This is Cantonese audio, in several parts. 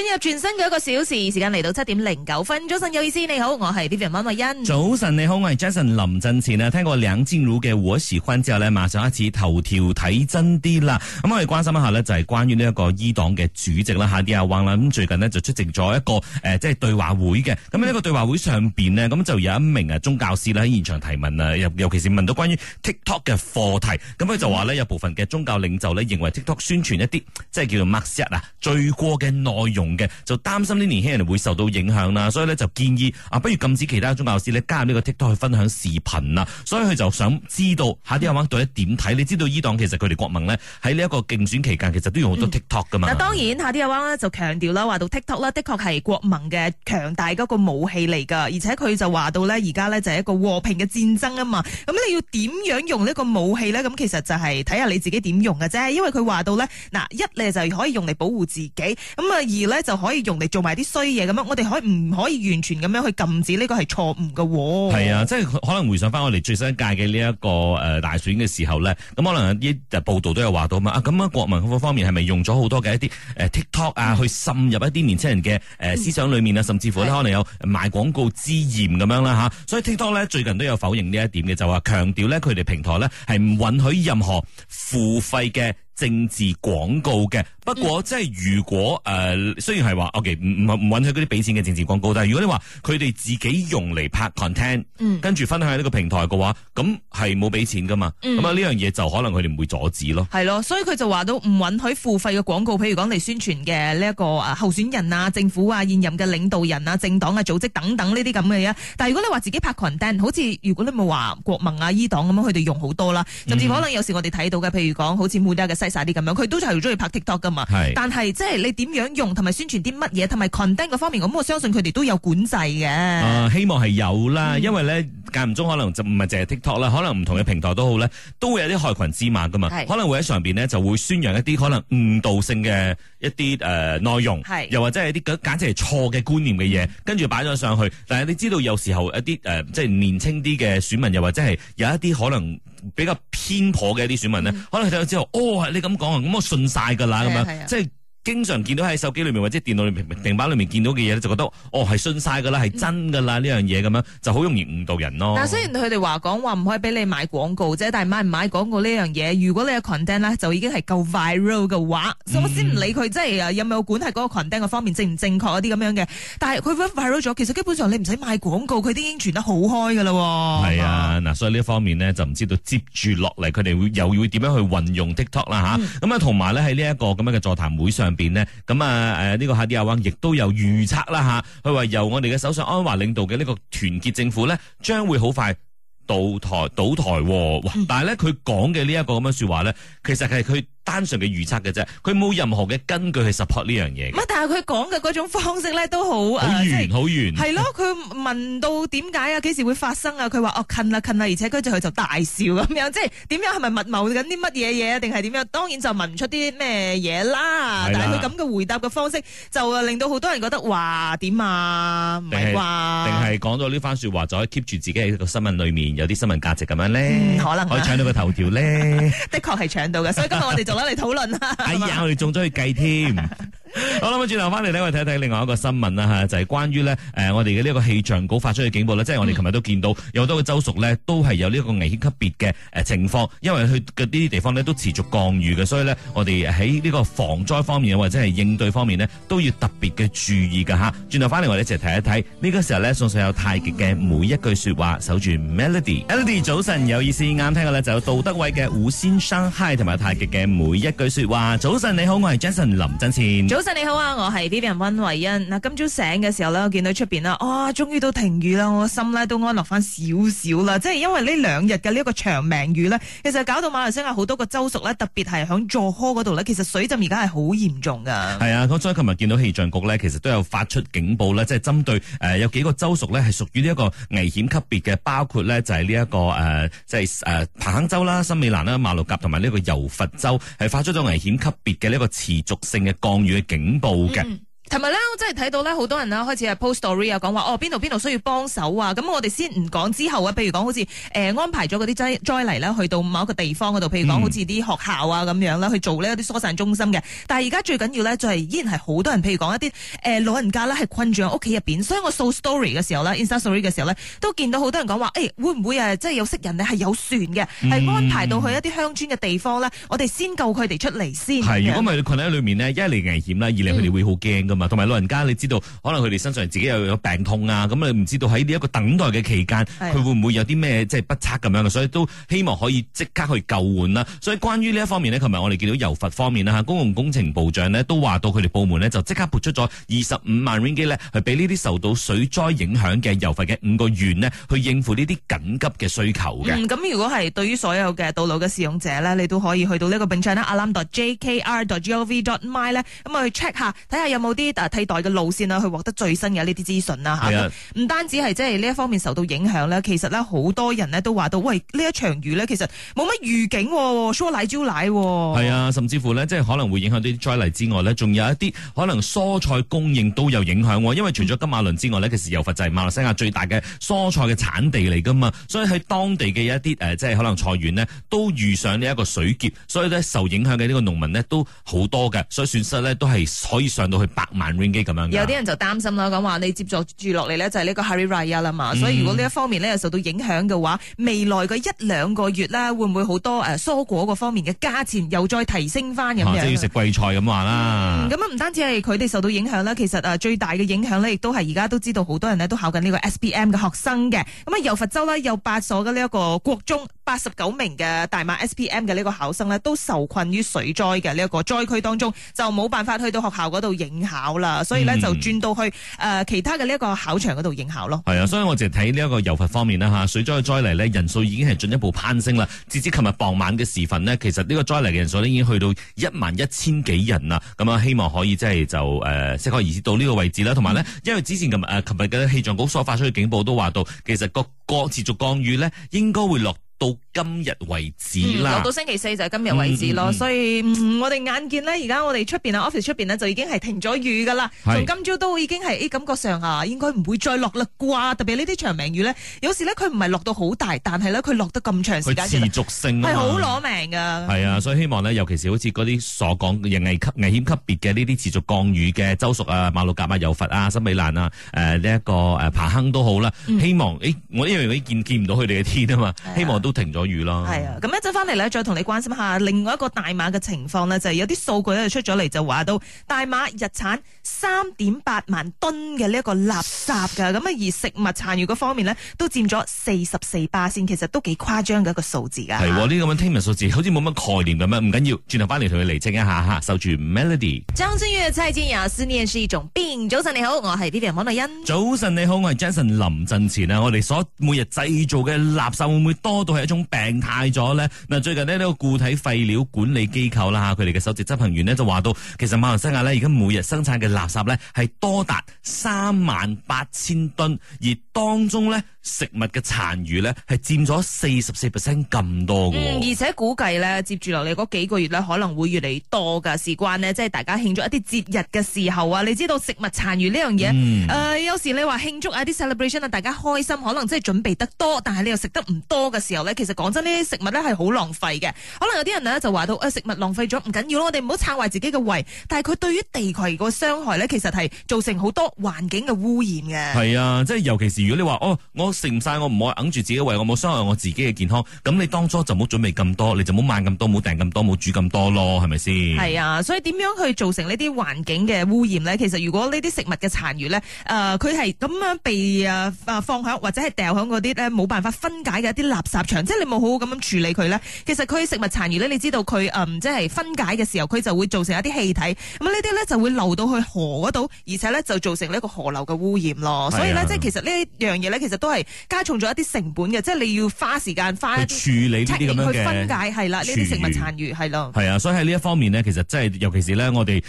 進入全新嘅一個小時，時間嚟到七點零九分。早晨有意思，你好，我係 Melody 馬慧欣。早晨你好，我係 Jason 林振前啊。聽過兩煎嘅 w h a 之後呢，馬上開始頭條睇真啲啦。咁我哋關心一下呢，就係、是、關於呢一個伊黨嘅主席啦，哈迪阿旺啦。咁最近呢就出席咗一個誒，即、呃、係、就是、對話會嘅。咁喺呢個對話會上邊呢，咁、嗯、就有一名啊宗教師咧喺現場提問啊，尤其是問到關於 TikTok 嘅課題。咁佢就話呢、嗯，有部分嘅宗教領袖呢，認為 TikTok 宣傳一啲即係叫做 maksiat 啊罪過嘅內容。嘅就擔心啲年輕人會受到影響啦，所以咧就建議啊，不如禁止其他宗教師咧加入呢個 TikTok 去分享視頻啦。所以佢就想知道下啲阿汪到底點睇？你知道伊黨其實佢哋國民呢喺呢一個競選期間，其實都用好多 TikTok 噶嘛。嗱、嗯，當然下啲阿汪咧就強調啦，話到 TikTok 咧，的確係國民嘅強大嗰個武器嚟㗎。而且佢就話到呢而家呢就係一個和平嘅戰爭啊嘛。咁你要點樣用呢個武器呢？咁其實就係睇下你自己點用嘅啫。因為佢話到呢，嗱一咧就可以用嚟保護自己，咁啊二咧，就可以用嚟做埋啲衰嘢咁樣，我哋可以唔可以完全咁樣去禁止呢個係錯誤嘅？係啊，即係可能回想翻我哋最新一屆嘅呢一個誒大選嘅時候咧，咁可能啲報道都有話到嘛啊，咁啊國民嗰方面係咪用咗好多嘅一啲誒 TikTok 啊，嗯、去滲入一啲年青人嘅誒思想裏面啊，甚至乎可能有賣廣告之嫌咁樣啦吓。所以 TikTok 咧最近都有否認呢一點嘅，就話強調咧佢哋平台咧係唔允許任何付費嘅。政治廣告嘅，不過即係如果誒、嗯呃，雖然係話，OK，唔允許嗰啲俾錢嘅政治廣告，但係如果你話佢哋自己用嚟拍 content，嗯、跟住分享喺呢個平台嘅話，咁係冇俾錢噶嘛，嗯，咁啊呢樣嘢就可能佢哋唔會阻止咯，係咯，所以佢就話都唔允許付費嘅廣告，譬如講嚟宣傳嘅呢一個誒候選人啊、政府啊、現任嘅領導人啊、政黨啊、組織等等呢啲咁嘅嘢。但係如果你話自己拍 content，好似如果你咪話國民啊、伊黨咁、啊、樣，佢哋用好多啦，甚至可能有時我哋睇到嘅、嗯，譬如講好似細晒啲咁樣，佢都就係好中意拍 TikTok 噶嘛？係，但係即係你點樣用同埋宣傳啲乜嘢，同埋群登嗰方面，咁我相信佢哋都有管制嘅。啊、呃，希望係有啦，嗯、因為咧間唔中可能就唔係淨係 TikTok 啦，可能唔同嘅平台都好咧，都會有啲害群之馬噶嘛，可能會喺上邊咧就會宣揚一啲可能誤導性嘅一啲誒內容，係，又或者係一啲簡簡直係錯嘅觀念嘅嘢、嗯，跟住擺咗上去。但係你知道有時候一啲誒即係年青啲嘅選民，又或者係有一啲可能。比較偏頗嘅一啲選民咧，嗯、可能睇咗之後，嗯、哦，你咁講啊，咁我信晒㗎啦，咁樣，即係。經常見到喺手機裏面或者電腦裏面、平板裏面見到嘅嘢咧，就覺得哦係信晒噶啦，係真噶啦，呢樣嘢咁樣就好容易誤導人咯。但雖然佢哋話講話唔可以俾你買廣告啫，但係買唔買廣告呢樣嘢，如果你嘅群釘咧就已經係夠 viral 嘅話，首先唔理佢、嗯、即係有冇管係嗰個群釘嘅方面正唔正確嗰啲咁樣嘅。但係佢如果 viral 咗，其實基本上你唔使買廣告，佢都已經傳得好開噶啦。係啊，嗱、嗯，所以呢一方面呢，就唔知道接住落嚟佢哋會又要點樣去運用 TikTok 啦、啊、吓，咁啊同埋咧喺呢一、這個咁樣嘅座談會上邊咧咁啊？誒、啊、呢、這個哈迪阿旺亦都有預測啦吓，佢、啊、話由我哋嘅首相安華領導嘅呢個團結政府咧，將會好快倒台倒台，哦。哇！但係咧，佢講嘅呢一個咁嘅說話咧，其實係佢，單純嘅預測嘅啫，佢冇任何嘅根據去 support 呢樣嘢。咁但係佢講嘅嗰種方式咧，都好好圓，好、呃、圓係咯。佢 問到點解啊，幾時會發生啊？佢話哦，近啦，近啦，而且跟住佢就大笑咁樣，即係點樣，係咪密謀緊啲乜嘢嘢？定係點樣？當然就問唔出啲咩嘢啦。但係佢咁嘅回答嘅方式，就令到好多人覺得嘩，點啊？唔係啩？定係講到呢番說話就可以 keep 住自己喺個新聞裏面有啲新聞價值咁樣咧、嗯？可能、啊、可以搶到個頭條咧？ 的確係搶到嘅，所以今日我哋。 就攞嚟討論啦！哎呀， 我哋仲咗去計添。 好啦，咁轉頭翻嚟呢，我哋睇睇另外一個新聞啦吓，就係關於呢，誒，我哋嘅呢個氣象局發出嘅警報呢，即係我哋琴日都見到有多個州屬呢，都係有呢個危險級別嘅誒情況，因為佢嘅呢啲地方呢都持續降雨嘅，所以呢，我哋喺呢個防災方面或者係應對方面呢，都要特別嘅注意噶吓。轉頭翻嚟，我哋一齊睇一睇呢個時候呢，送上有太極嘅每一句說話，守住 Melody。Melody 早晨，有意思，啱聽嘅呢，就有杜德偉嘅胡先生 Hi，同埋太極嘅每一句說話。早晨你好，我係 Jason 林振倩。」早晨你好啊，我係 Vivian 溫慧欣。嗱，今朝醒嘅時候咧，我見到出邊啦，哇、哦，終於都停雨啦，我心咧都安落翻少少啦。即係因為呢兩日嘅呢個長命雨呢，其實搞到馬來西亞好多個州屬咧，特別係響佐科嗰度呢，其實水浸而家係好嚴重噶。係啊，我再琴日見到氣象局呢，其實都有發出警報，呢即係針對誒有幾個州屬呢係屬於呢一個危險級別嘅，包括呢就係呢一個誒，即係誒彭亨州啦、森美蘭啦、馬六甲同埋呢個柔佛州，係發出咗危險級別嘅呢一個持續性嘅降雨。警報嘅。同埋咧，我真係睇到咧，好多人啦，開始係 post story 啊，講話哦邊度邊度需要幫手啊！咁我哋先唔講之後啊，譬如講好似誒、呃、安排咗嗰啲災災嚟啦，去到某一個地方嗰度，譬如講好似啲學校啊咁樣啦，去做呢一啲疏散中心嘅。但係而家最緊要咧、就係，就係依然係好多人，譬如講一啲誒、呃、老人家咧，係困住喺屋企入邊。所以我掃 story 嘅時候啦 insta story 嘅時候呢，都見到好多人講話，誒、欸、會唔會、啊、即係有識人咧係有船嘅，係、嗯、安排到去一啲鄉村嘅地方咧，我哋先救佢哋出嚟先。係，如果唔係困喺裏面呢一嚟危險啦，二嚟佢哋會好驚。同埋老人家，你知道可能佢哋身上自己又有病痛啊，咁你唔知道喺呢一個等待嘅期間，佢會唔會有啲咩即係不測咁樣？所以都希望可以即刻去救援啦。所以關於呢一方面咧，琴日我哋見到柔佛方面啦嚇，公共工程部長咧都話到佢哋部門咧就即刻撥出咗二十五萬令吉咧，係俾呢啲受到水災影響嘅柔佛嘅五個縣咧，去應付呢啲緊急嘅需求嘅。嗯，咁如果係對於所有嘅道路嘅使用者咧，你都可以去到個病呢個網站 alarm.jkr.gov.my 咧，咁我去 check 下，睇下有冇啲。替代嘅路綫啦，去獲得最新嘅呢啲資訊啦吓。唔單止係即係呢一方面受到影響咧，其實咧好多人呢都話到，喂，呢一場雨咧，其實冇乜預警，疏奶招奶。係啊，甚至乎呢，即係可能會影響啲災泥之外呢，仲有一啲可能蔬菜供應都有影響。因為除咗金馬倫之外呢，其實柔佛就係馬來西亞最大嘅蔬菜嘅產地嚟噶嘛，所以喺當地嘅一啲即係可能菜園呢，都遇上呢一個水劫，所以呢，受影響嘅呢個農民呢，都好多嘅，所以損失呢，都係可以上到去百。咁樣，有啲人就擔心啦，咁話你接咗住落嚟呢，就係呢個 Hari Raya 啦嘛，所以如果呢一方面呢，又受到影響嘅話，未來嘅一兩個月呢，會唔會好多誒蔬果個方面嘅價錢又再提升翻咁樣？即係要食貴菜咁話啦。咁啊，唔、就是嗯、單止係佢哋受到影響啦，其實啊，最大嘅影響呢，亦都係而家都知道，好多人呢都考緊呢個 S P M 嘅學生嘅。咁啊，柔佛州啦，有八所嘅呢一個國中，八十九名嘅大馬 S P M 嘅呢個考生呢，都受困於水災嘅呢一個災區當中，就冇辦法去到學校嗰度影。啦，所以咧就轉到去誒其他嘅呢一個考場嗰度應考咯。係、嗯、啊，所以我就睇呢一個油佛方面啦吓。水災嘅災嚟咧，人數已經係進一步攀升啦。截至琴日傍晚嘅時份呢，其實呢個災嚟嘅人數呢已經去到一萬一千幾人啦。咁啊，希望可以即係就誒適、呃、可而止到呢個位置啦。同埋呢，因為之前琴日誒琴日嘅氣象局所發出嘅警報都話到，其實個各持續降雨呢應該會落。到今日為止啦，到星期四就係今日為止咯，所以我哋眼見咧，而家我哋出邊啊，office 出邊咧就已經係停咗雨噶啦。從今朝都已經係誒感覺上啊，應該唔會再落啦啩。特別呢啲長命雨咧，有時咧佢唔係落到好大，但係咧佢落得咁長時間，持續性係好攞命噶。係啊，所以希望咧，尤其是好似嗰啲所講，危級危險級別嘅呢啲持續降雨嘅，州屬啊，馬六甲啊、柔佛啊、森美蘭啊，誒呢一個誒彭亨都好啦。希望誒我因為嗰啲見見唔到佢哋嘅天啊嘛，希望都。都停咗雨啦，係啊！咁一陣翻嚟咧，再同你關心下另外一個大馬嘅情況呢，就係有啲數據咧出咗嚟，就話到大馬日產三點八萬噸嘅呢一個垃圾噶，咁啊而食物殘餘嗰方面呢，都佔咗四十四巴仙。其實都幾誇張嘅一個數字噶。係喎，呢咁樣聽聞數字，好似冇乜概念咁樣，唔緊要，轉頭翻嚟同你釐清一下吓。守住 Melody，張震嶽、蔡健雅，思念是一種病。早晨你好，我係 B B 蒙麗欣。早晨你好，我係 Jason 林振前啊。我哋所每日製造嘅垃圾會唔會多到？一種病態咗咧，嗱，最近咧，呢個固體廢料管理機構啦吓，佢哋嘅首席執行員呢就話到，其實馬來西亞呢，而家每日生產嘅垃圾呢係多達三萬八千噸，而當中呢食物嘅殘餘呢係佔咗四十四 percent 咁多嘅，嗯。而且估計呢，接住落嚟，嗰幾個月呢可能會越嚟越多噶。事關呢，即係大家慶祝一啲節日嘅時候啊，你知道食物殘餘呢樣嘢，誒、嗯呃，有時你話慶祝一啲 celebration 啊，大家開心，可能即係準備得多，但係你又食得唔多嘅時候其實講真，呢啲食物咧係好浪費嘅。可能有啲人咧就話到，誒，食物浪費咗唔緊要咯，我哋唔好撐壞自己嘅胃。但係佢對於地球個傷害咧，其實係造成好多環境嘅污染嘅。係啊，即係尤其是如果你話，哦，我食唔晒，我唔好硬住自己嘅胃，我冇傷害我自己嘅健康。咁你當初就冇準備咁多，你就冇買咁多，冇訂咁多，冇煮咁多咯，係咪先？係啊，所以點樣去造成呢啲環境嘅污染咧？其實如果呢啲食物嘅殘餘咧，誒、呃，佢係咁樣被放響或者係掉響嗰啲冇辦法分解嘅一啲垃圾。即係你冇好好咁樣處理佢咧，其實佢食物殘餘咧，你知道佢嗯即係分解嘅時候，佢就會造成一啲氣體，咁呢啲咧就會流到去河嗰度，而且咧就造成呢一個河流嘅污染咯。啊，所以咧，即係其實呢一樣嘢咧，其實都係加重咗一啲成本嘅，即係你要花時間花去去處理呢啲咁嘅分解係啦，呢啲食物殘餘係咯。係啊，所以喺呢一方面咧，其實即係，尤其是咧我哋。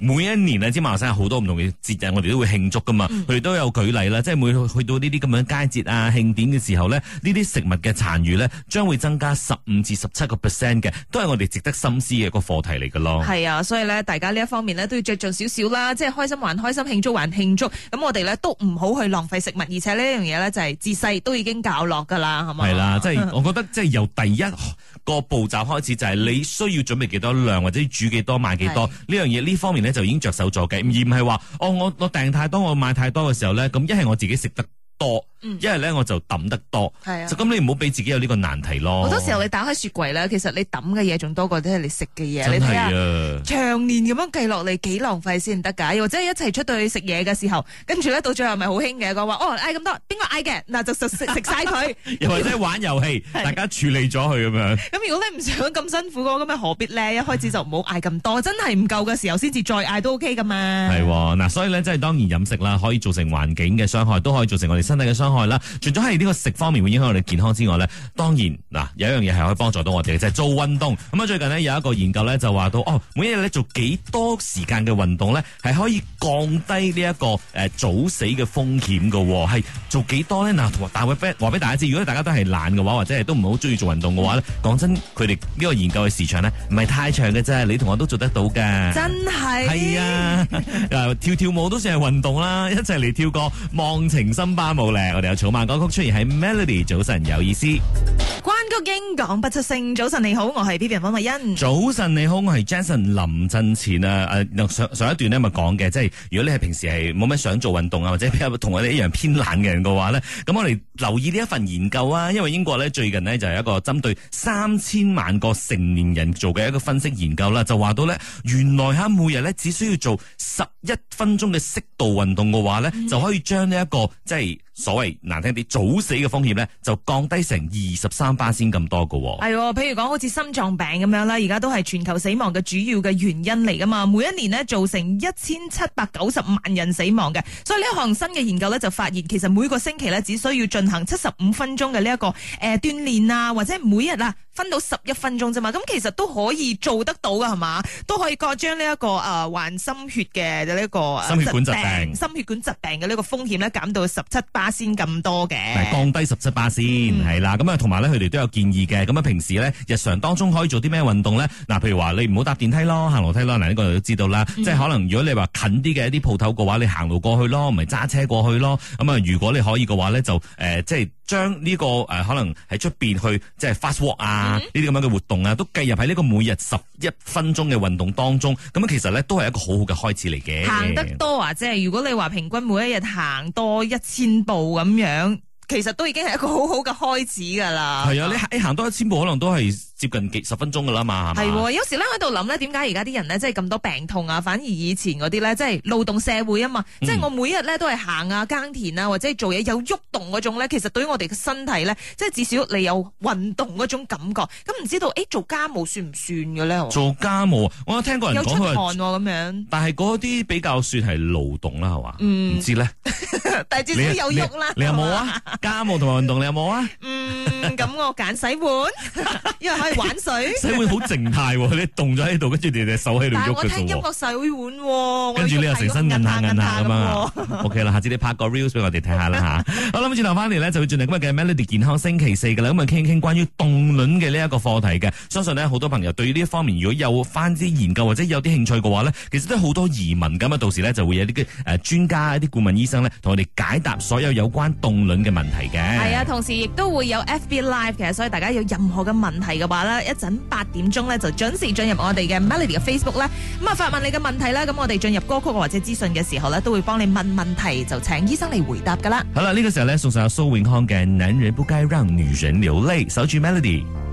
每一年呢，知馬來西亞好多唔同嘅節日，我哋都會慶祝噶嘛。佢、嗯、哋都有舉例啦，即係每去到呢啲咁樣佳節啊、慶典嘅時候呢，呢啲食物嘅殘餘呢，將會增加十五至十七個 percent 嘅，都係我哋值得深思嘅一個課題嚟㗎咯。係啊，所以呢，大家呢一方面呢，都要着重少少啦，即係開心還開心，慶祝還慶祝。咁我哋呢都唔好去浪費食物，而且呢樣嘢呢，就係自細都已經教落噶啦，係咪、啊？係啦、啊， 即係我覺得即係由第一個步驟開始，就係你需要準備幾多量，或者煮幾多買幾多呢樣嘢呢方面。就已經着手咗嘅，而唔係話哦，我我訂太多，我買太多嘅時候咧，咁一係我自己食得多。因為咧我就抌得多，係啊，就咁你唔好俾自己有呢個難題咯。好多時候你打開雪櫃咧，其實你抌嘅嘢仲多過啲係你食嘅嘢，你睇啊。長年咁樣計落嚟幾浪費先得噶，又或者一齊出到去食嘢嘅時候，跟住咧到最後咪好興嘅，講話哦嗌咁多，邊個嗌嘅，嗱就就食食晒佢，又或者玩遊戲，大家處理咗佢咁樣。咁如果你唔想咁辛苦嘅話，咁咪何必咧？一開始就唔好嗌咁多，真係唔夠嘅時候先至再嗌都 OK 噶嘛。係嗱，所以咧即係當然飲食啦，可以造成環境嘅傷害，都可以造成我哋身體嘅傷害。啦，除咗喺呢個食方面會影響我哋健康之外咧，當然嗱有一樣嘢係可以幫助到我哋嘅，就係、是、做運動。咁啊，最近咧有一個研究咧就話到哦，每一日咧做幾多時間嘅運動咧，係可以降低呢、這、一個誒、呃、早死嘅風險噶、哦。係做幾多咧？嗱，同大話俾大家知，如果大家都係懶嘅話，或者都唔好中意做運動嘅話咧，講真，佢哋呢個研究嘅時長咧，唔係太長嘅啫。你同我都做得到噶，真係係啊！跳跳舞都算係運動啦，一齊嚟跳個忘情森巴舞嚟。我哋有草蜢歌曲出現喺《Melody》。早晨有意思，關菊英講不出聲。早晨你好，我係 p B M 溫慧欣。早晨你好，我係 Jason 林振前啊。誒，上上一段咧咪講嘅，即係如果你係平時係冇咩想做運動啊，或者同我哋一樣偏懶嘅人嘅話咧，咁我哋留意呢一份研究啊。因為英國咧最近呢就有、是、一個針對三千萬個成年人做嘅一個分析研究啦，就話到咧原來吓每日咧只需要做十一分鐘嘅適度運動嘅話咧、嗯，就可以將呢一個即係。就是所謂難聽啲早死嘅風險咧，就降低成二十三巴仙咁多噶係、哦，譬如講好似心臟病咁樣啦，而家都係全球死亡嘅主要嘅原因嚟噶嘛。每一年呢，造成一千七百九十萬人死亡嘅，所以呢一項新嘅研究咧就發現，其實每個星期咧只需要進行七十五分鐘嘅呢一個誒鍛煉啊，或者每日啊。分到十一分鐘啫嘛，咁其實都可以做得到㗎，係嘛？都可以、個將呢一個誒患心血嘅呢一個心血管疾病、心血管疾病嘅呢個風險咧減到十七巴仙咁多嘅，降低十七巴仙係啦。咁啊，同埋咧，佢哋都有建議嘅。咁啊，平時咧日常當中可以做啲咩運動咧？嗱，譬如話你唔好搭電梯咯，行樓梯咯。嗱，呢個都知道啦、嗯。即係可能如果你話近啲嘅一啲鋪頭嘅話，你行路過去咯，唔係揸車過去咯。咁啊，如果你可以嘅話咧，就、呃、即係。將呢、這個誒、呃、可能喺出邊去即係 fast walk 啊呢啲咁樣嘅活動啊，都計入喺呢個每日十一分鐘嘅運動當中。咁其實咧都係一個好好嘅開始嚟嘅。行得多啊，即係如果你話平均每一日行多一千步咁樣，其實都已經係一個好好嘅開始噶啦。係啊，你你行多一千步可能都係。接近幾十分鐘噶啦嘛，係喎。有時咧喺度諗咧，點解而家啲人咧，即係咁多病痛啊？反而以前嗰啲咧，即係勞動社會啊嘛，即、嗯、係、就是、我每日咧都係行啊、耕田啊或者做嘢有喐動嗰種咧，其實對於我哋嘅身體咧，即係至少你有運動嗰種感覺。咁唔知道誒、欸，做家務算唔算嘅咧？做家務，我有聽過人講 出汗咁樣。但係嗰啲比較算係勞動啦，係、嗯、嘛？唔知咧， 但係至少有喐啦。你有冇啊？ 家務同埋運動，你有冇啊？嗯，咁我揀洗碗， 玩水洗碗好靜態喎，你動咗喺度，跟住你哋手喺度喐嘅喎。但係我聽音樂洗碗喎，跟住你又成身韌下韌下咁啊！OK 啦，下次你拍個 reels 俾我哋睇下啦嚇。 好啦，咁轉頭翻嚟呢，就會轉嚟今日嘅 Melody 健康星期四嘅啦。咁啊，傾傾關於凍卵嘅呢一個課題嘅，相信呢，好多朋友對於呢一方面如果有翻啲研究或者有啲興趣嘅話呢，其實都好多疑問咁啊。到時呢，就會有啲嘅誒專家一啲顧問醫生呢，同我哋解答所有有關凍卵嘅問題嘅。係啊，同時亦都會有 FB Live 其實，所以大家有任何嘅問題嘅話，話啦，一陣八點鐘咧就準時進入我哋嘅 Melody 嘅 Facebook 咧，咁啊發問你嘅問題啦，咁我哋進入歌曲或者資訊嘅時候咧，都會幫你問問題，就請醫生嚟回答噶啦。好啦，呢個時候咧送上蘇永康嘅《男人不該讓女人流淚》，守住 Melody。